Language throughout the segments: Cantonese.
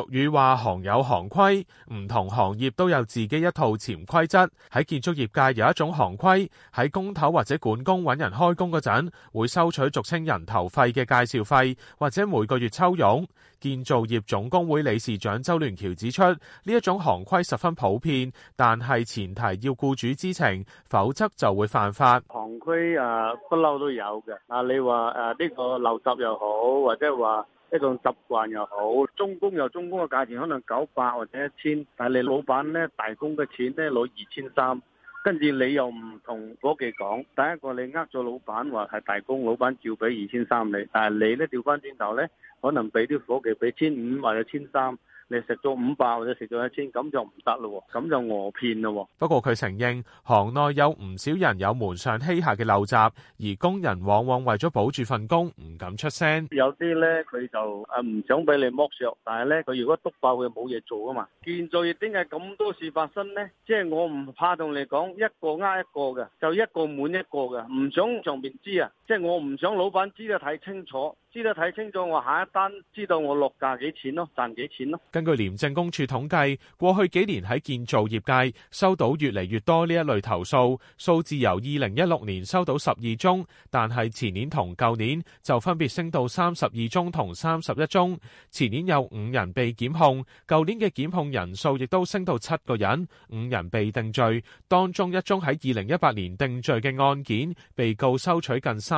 俗語話行有行規，唔同行業都有自己一套潛規則。喺建築業界有一種行規，喺工頭或者管工揾人開工嗰陣，會收取俗稱人頭費嘅介紹費，或者每個月抽佣。建造業總工會理事長周聯橋指出，呢一種行規十分普遍，但係前提要雇主知情，否則就會犯法。行規不嬲都有嘅。啊，你話誒呢個垃圾又好，或者話。一種習慣又好，中工又中工嘅價錢可能九百或者一千，但係你老闆咧大工嘅錢咧攞二千三，跟住你又唔同伙計講，第一個你呃咗老闆話係大工，老闆照俾二千三你，但係你咧調翻轉頭咧，可能俾啲伙計俾千五或者千三。你食咗五百或者食咗一千，咁就唔得咯，咁就餓騙咯。不過佢承認，行內有唔少人有門上欺下嘅陋習，而工人往往為咗保住份工唔敢出聲。有啲咧，佢就誒唔想俾你剝削，但係咧佢如果督爆佢冇嘢做啊嘛。建造業點解咁多事發生呢？即係我唔怕同你講，一個呃一個嘅，就一個瞞一個嘅，唔想上面知啊。即係我唔想老闆知道睇清楚，知道睇清楚，我下一單知道我落價幾錢咯，賺幾錢咯。根據廉政公署統計，過去幾年喺建造業界收到越嚟越多呢一類投訴，數字由二零一六年收到十二宗，但係前年同舊年就分別升到三十二宗同三十一宗。前年有五人被檢控，舊年嘅檢控人數亦都升到七個人，五人被定罪，當中一宗喺二零一八年定罪嘅案件，被告收取近三。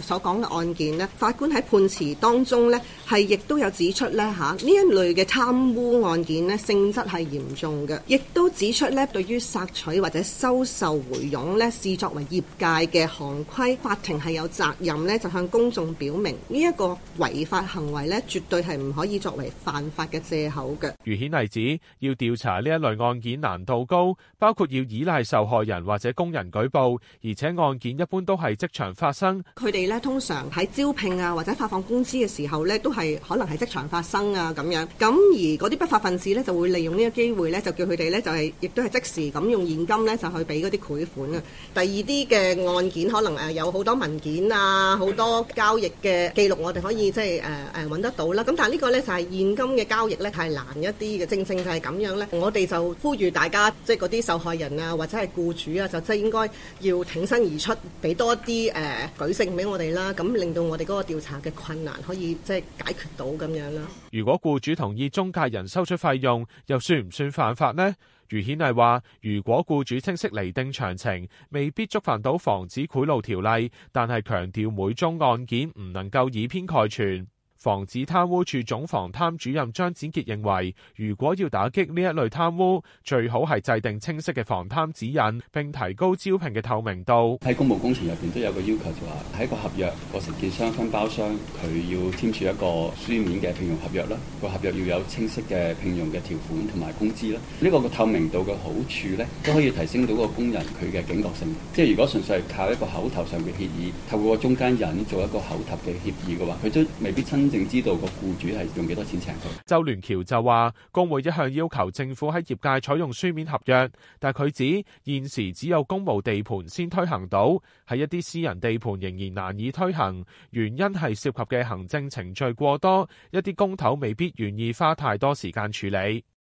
所講嘅案件法官喺判詞當中呢，係亦都有指出咧呢一類嘅貪污案件性質係嚴重嘅，亦都指出呢，對於索取或者收受回佣呢，視作為業界嘅行規，法庭係有責任呢，就向公眾表明呢一個違法行為呢，絕對係唔可以作為犯法嘅借口嘅。如顯例子，要調查呢一類案件難度高，包括要依賴受害人或者工人舉報，而且案件一般都係即場發生，佢哋。咧通常喺招聘啊或者發放工資嘅時候咧，都係可能係即場發生啊咁樣。咁而嗰啲不法份子咧，就會利用呢個機會咧，就叫佢哋咧就係亦都係即時咁用現金咧就去俾嗰啲賄款啊。第二啲嘅案件可能誒有好多文件啊，好多交易嘅記錄，我哋可以即係誒誒揾得到啦。咁但係呢個咧就係現金嘅交易咧，係難一啲嘅。正正就係咁樣咧，我哋就呼籲大家即係嗰啲受害人啊或者係僱主啊，就即係應該要挺身而出，俾多啲誒舉證俾我。我哋啦，咁令到我哋個調查嘅困難可以即係解決到咁樣啦。如果僱主同意中介人收取費用，又算唔算犯法呢？余顯毅話：如果僱主清晰釐定詳情，未必觸犯到防止賄賂條例，但係強調每宗案件唔能夠以偏概全。防止貪污處總防貪主任張展傑認為，如果要打擊呢一類貪污，最好係制定清晰嘅防貪指引，並提高招聘嘅透明度。喺公務工程入面都有個要求，就話喺個合約，個承建商分包商佢要簽署一個書面嘅聘用合約啦。個合約要有清晰嘅聘用嘅條款同埋工資啦。呢個個透明度嘅好處呢，都可以提升到個工人佢嘅警覺性。即係如果純粹係靠一個口頭上嘅協議，透過個中間人做一個口頭嘅協議嘅話，佢都未必真。淨知道個僱主係用幾多錢請佢？周聯橋就話：工會一向要求政府喺業界採用書面合約，但佢指現時只有公務地盤先推行到，喺一啲私人地盤仍然難以推行，原因係涉及嘅行政程序過多，一啲工頭未必願意花太多時間處理。